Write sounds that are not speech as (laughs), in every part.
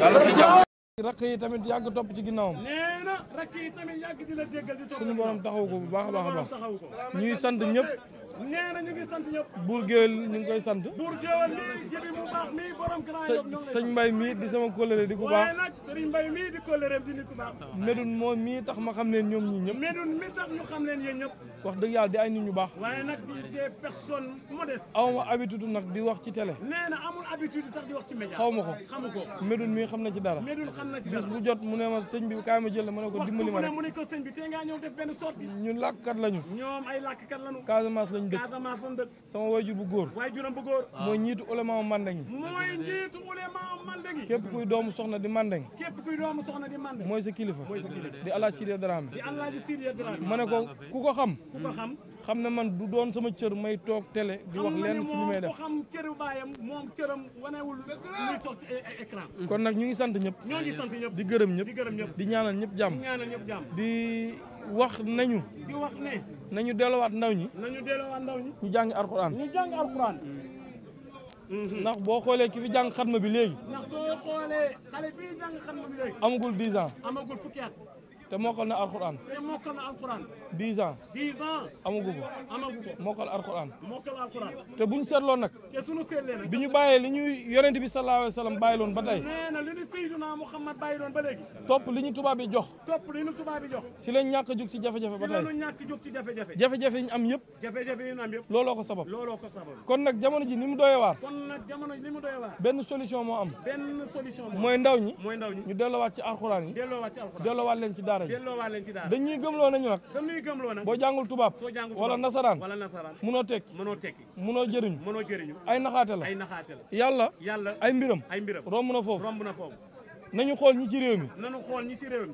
la rakk yi tamit yàgg topp ci ginnaawam nee na rakk yi tamit yàgg di la déggal di topp suñu borom taxaw ko bu baax a baax a baax ñuy sant ñëpp nee na ñu ngi sant ñëpp. buur géwél ñu ngi koy sant. buur mii jibi Mbay mii di sama kóllëre di ku baax. waaye nag sëriñ Mbay mii tax ma xam leen ñoom ñii ñëpp. medun mii tax ñu xam leen yéen ñëpp. wax dëgg yàlla di ay nit ñu baax. waaye habitude nag di wax ci télé. nee na amul habitude sax di wax ci média. xaw ma ko xamu ko. medun mii xam na ci dara. bis bu jot mu ne ma sëñ bi kaay ma jël la ma ne ko dimbali ma rek. waxtu mu ne lañu. Casamance lañu am dëkk Casamance am dëkk sama waajur bu góor waajuram bu góor mooy njiitu ulama Mandeng mooy njiitu ulama Mandeng képp kuy doomu soxna di Mandeng képp kuy doomu soxna di Mandeng mooy sa kilifa di Alaaji Sidiya Dramé di Alaaji Sidiya Dramé ma ko ku ko xam ku ko xam xam ne man du doon sama cër may toog télé di wax lenn ci li may def xam cëru baayam moom cëram wanewul muy toog ci kon nag ñu ngi sant ñëpp ñoo ngi sant ñëpp di gërëm ñëpp di ñaanal ñëpp jàmm di wax nañu di wax ne nañu delluwaat ndaw ñi. nañu delluwaat ndaw ñi. ñu jàng alquran. ñu jàng alquran. Mm-hmm. ndax boo xoolee ki fi jàng xatma bi léegi. ndax soo xoolee xale bi jàng xatma bi léegi. amagul 10 ans. amagul fukki at. te mokkal na alxuraan. te mokkal na alxuraan. dix ans. dix mokkal alxuraan. mokkal te bu ñu seetloo nag. te suñu seetlee bi ñu bàyyee li ñuy yonent bi sallallahu alayhi wa sallam bàyyi loon ba tey. nee na li ñu Seydina Muhammad topp li ñu tubaab jox. topp li ñu tubaab yi jox. si lañ ñàkk a jóg si jafe-jafe ba tey. si lañu a jóg si jafe-jafe. jafe-jafe yi ñu am yëpp. looloo ko sabab. kon nag jamono ji ni mu doyee waar. kon nag jamono ji benn solution moo am. benn solution moo am. mooy ndaw ñi. mooy ndaw ñi ñu delloowaat ci yi. delloowaat ci leen ci daal daara ji dañuy gëmloo nañu nag boo jàngul tubaab wala nasaraan munoo tekki munoo jëriñu ay naxaate la yàlla ay mbiram romb na foofu nañu xool ñi ci réew mi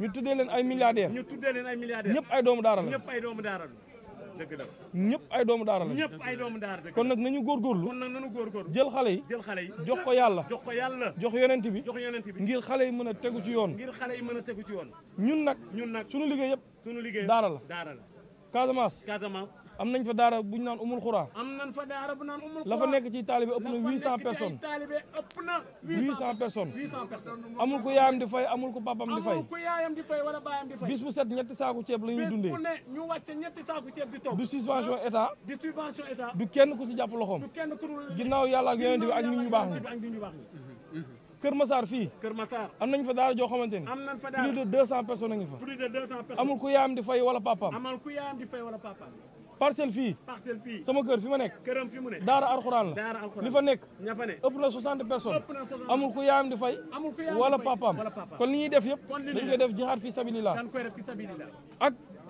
ñu tuddee leen ay milliardaires ñëpp ay doomu daara la dëgg la ñëpp ay doomu daara la ñëpp ay doomu daara kon nag nañu góorgóorlu kon nag nañu góorgóorlu jël xale yi jox ko yàlla jox ko bi jox yonent bi ngir xale yi mën a tegu ci yoon ngir xale yi a tegu ci yoon ñun nag ñun nag suñu liggéey yëpp suñu liggéey daara la am nañ fa daara bu ñu naan umul xuraa am nañ fa daara bu naan umul xuraa la fa nekk ci taalibe ëpp na huit cent personnes taalibe huit cent personnes amul ku yaayam di fay amul ku papam di fay amul bis bu set ñetti saaku ceeb la dundee ñu wàcce ñetti saaku ceeb di toog du subvention état du kenn ku si jàpp loxoom ginnaaw yàlla ak yonent bi ak am nañ fa daara joo xamante ni de deux cent personnes a ngi fa plus de deux cent personnes amul ku yaayam di fay wala papaam parcelle fii sama kër fi ma nekk daara alxuraan la li fa nekk ëpp na soixante personnes amul ku yaayam di fay wala papaam kon li ñuy def yëpp dañ koy def jihaad fi sabilillah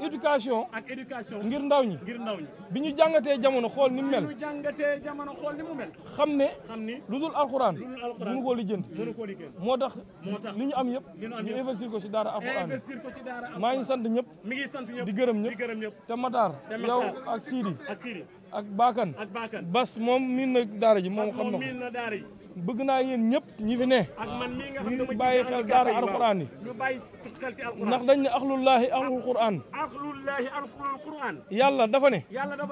éducation ak éducation ngir ndaw ñi ngir ndaw ñi bi ñu jàngatee jamono xool ni mu mel bi ñu jamono xool ni mu mel xam ne xam ni lu dul alxuraan mënu koo ko mënu moo tax moo tax li ñu am yëpp ñu investir ko si daara alxuraan investir ko maa ngi sant ñëpp mi ngi sant ñëpp di gërëm ñëpp te Matar yow ak Sidi ak Sidi ak Bakane ak Bakane Bas moom miin na daara ji moom xam na ko bëgg naa yéen ñëpp ñi fi ne ñu bàyyi xel daara alquran yi ndax dañ ne axlullaahi axlul quran yàlla dafa ne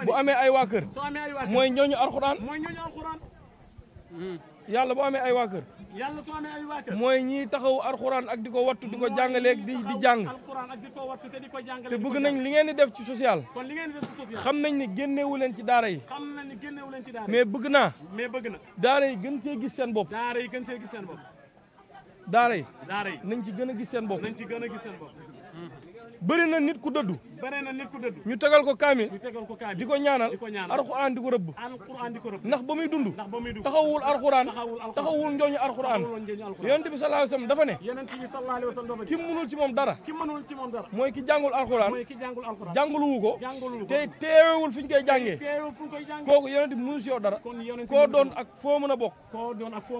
bu amee ay waa kër mooy ñooñu alquran hmm. yàlla bu amee ay waa kër yàlla su amee ay waa kër mooy ñiy taxaw alxuraan ak di ko wattu di ko jàngaleeg di di jàng te bëgg nañ li ngeen di def ci social xam nañ ne génnewu leen ci daara yi nañ ci daara mais bëgg naa. mais bëgg na daara yi gën see gis seen bopp. daara yi gën see gis seen bopp. daara yi. daara yi nañ ci gën a gis seen bopp. nañ ci gën a gis seen bëri na nit ku dëddu. bare na nit ku ñu tegal ko kaami ñu tegal ko kaami di ko ñaanal alxuraan di ko rëbb alxuraan di ko rëbb ndax ba muy dund taxawul alxuraan taxawul njooñu alxuraan yonent bi sallallahu alayhi wasallam dafa ne ki mënul ci moom dara mooy ki jàngul alxuraan jànguluwu ko te teewewul fi ñu koy kooku yonent bi mënu dara koo doon ak foo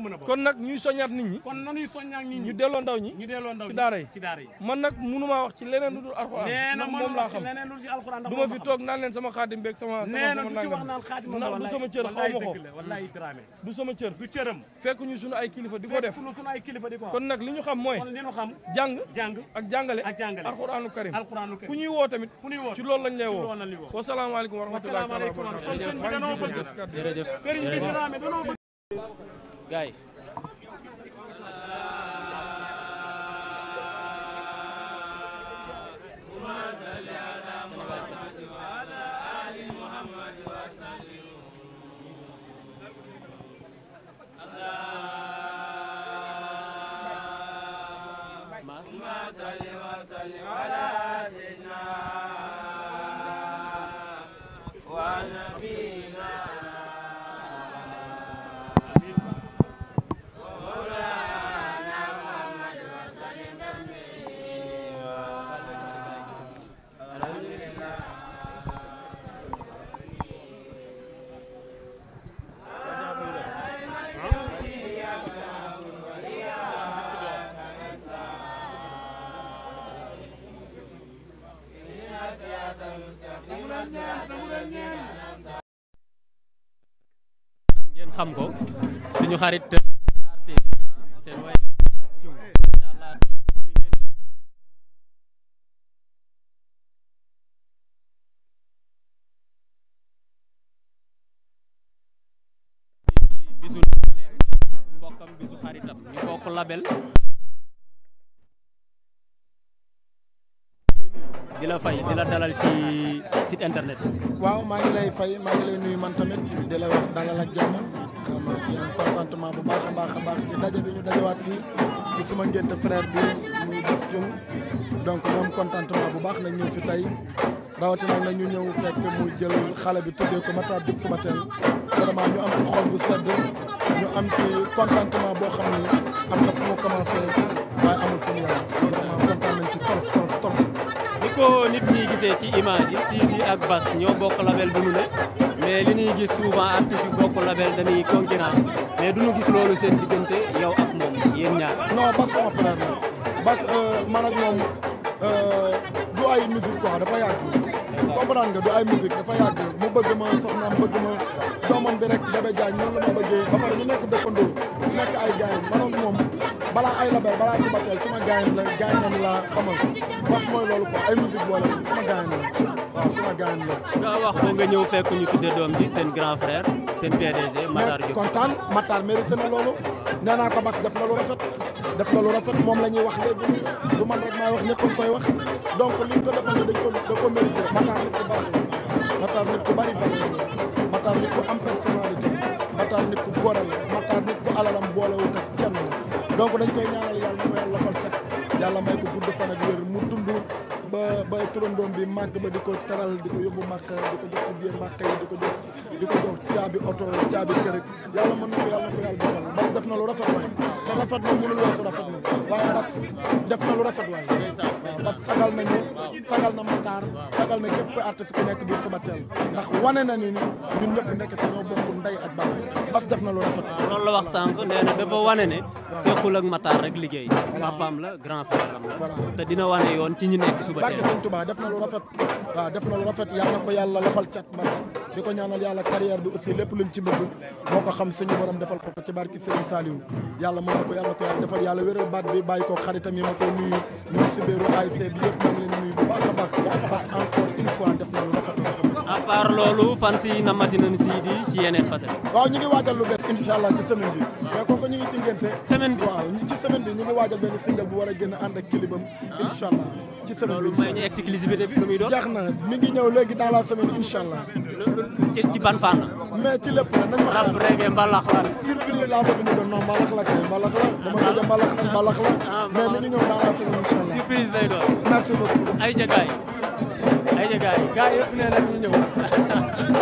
mën kon nag ñuy soññaat nit ñi ñu delloo ndaw ñi ci daara yi man nag mënumaa wax ci leneen dul alxuraan xam du ma fi toog naan leen sama xaatim beeg sama sama du sama cër xaw ma ko du sama cër du cëram fekk ñu sunu ay kilifa di def kon nag li ñu xam mooy jàng ak jàngale alquraanu karim ku ñuy woo tamit ci loolu lañ lay woo wasalaamaaleykum wa rahmatullahi wa barakatuh jërëjëf sëriñ bi danoo bëgg gaay على نبينا xam ko suñu xarit euh, artiste seen way bisu mbokkam bisu xaritam ñu bokk label di fay di dalal ci site internet waaw maa ngi lay fay maa ngi lay nuyu man tamit di dalal ak jàmm di am bu baax a baax ci daje bi ñu dajewaat fii ci suma ngénte frère bi muy def jum donc ñoom bu baax nag ñëw fi tey rawatina nag ñu ñëw fekk mu jël xale bi tuddee ko Matar Diop Soubatel vraiment ñu am ci xol bu sedd ñu am ci contentement boo xam ni am na fu mu commencé waaye amul fu mu yàlla vraiment kontaan ni ko nit ñi gisee ci image yi Sidi ak Bass ñoo bokk label bu ñu ne. mais li ñuy gis souvent artistes yu bokk label dañuy concurrent mais duñu gis loolu seen diggante yow ak moom yéen ñaar. non Bass sama frère la Bass euh, man ak moom euh, du ay musique quoi dafa yàgg. comprendre nga du ay musique dafa yàgg mu bëgg ma soxnaam bëgg ma doomam bi rek Bébé Diagne noonu la ma bëggee ba pare ñu nekk dëkkandoo nekk ay gars yi man moom balaa ay label balaa si bateel suma gars la gars la xamal Bass mooy loolu quoi ay musique boole suma gars la. Gaañ la. nga wax ko nga ñëw fekk ñu tuddee doom ji seen grand frère seen PDG Matar Diop. kontaan Matar mérité na loolu nee naa ko baax def na lu rafet def na lu rafet moom la ñuy wax léegi nii du man rek maa wax ñëpp koy wax donc li ko defal dañ ko da ko mérité Matar nit ku baax Matar nit ku bari bari Matar nit ku am personnalité Matar nit ku góor la nit ku alalam boolewut ak kenn la dañ koy ñaanal yàlla na ko yàlla fal cat yàlla may ko ba ba turandoom bi màgg ba di ko taral di ko yóbbu màkk di ko jox biir màkk yi ko jox caabi oto caabi kër yàlla mën na ko yàlla na ko yàlla defal def na lu rafet waaye te rafet na mënul weesu rafet na waaye raf def na lu rafet waaye ndax sagal na ñu sagal na Matar sagal na képp kuy artiste ku nekk biir Sobatel ndax wane na ni ni ñun ñëpp nekk te ñoo ndey ak baay bas def na lu rafet. loolu la wax sànq nee na dafa wane ne. waaw ak Matar rek liggéey. papaam la grand frère am la. te dina wane yoon ci ñi nekk Sobatel. barke Sëñ def na lu rafet waaw def na lu rafet yàlla na ko yàlla lafal cat barke. di ko ñaanal yàlla carrière bi aussi lépp luñ ci bëgg boo ko xam suñu borom defal ko ko ci barki Serigne Saliou yàlla mën na ko yàlla ko defal yàlla wéral baat bi bàyyi ko xaritam yi ma koy nuyu ñoom si biiru ASC bi yëpp maa ngi leen nuyu bu baax a baax parce que encore une fois def na lu rafet à part loolu fan si namati nañu ci yeneen facette. waaw ñu ngi waajal lu bees incha allah ci semaine bi. mais kooku ngi ci ngénte. semaine bi waaw ci semaine bi ñu a ci semaine bi loolu mooy ñu exclusivité bi lu muy doon. na mi ngi ñëw léegi dans la semaine incha allah. ci ci ban fànn. mais ci lépp la nañ ma xaar. rap reggae mbalax la. surprise laa bëgg mu doon non mbalax la kay mbalax la dama bëgg mbalax nag mbalax la. Ah, mais ay jagaay ay jagaay gars nee nañ ñu ñëw. (laughs)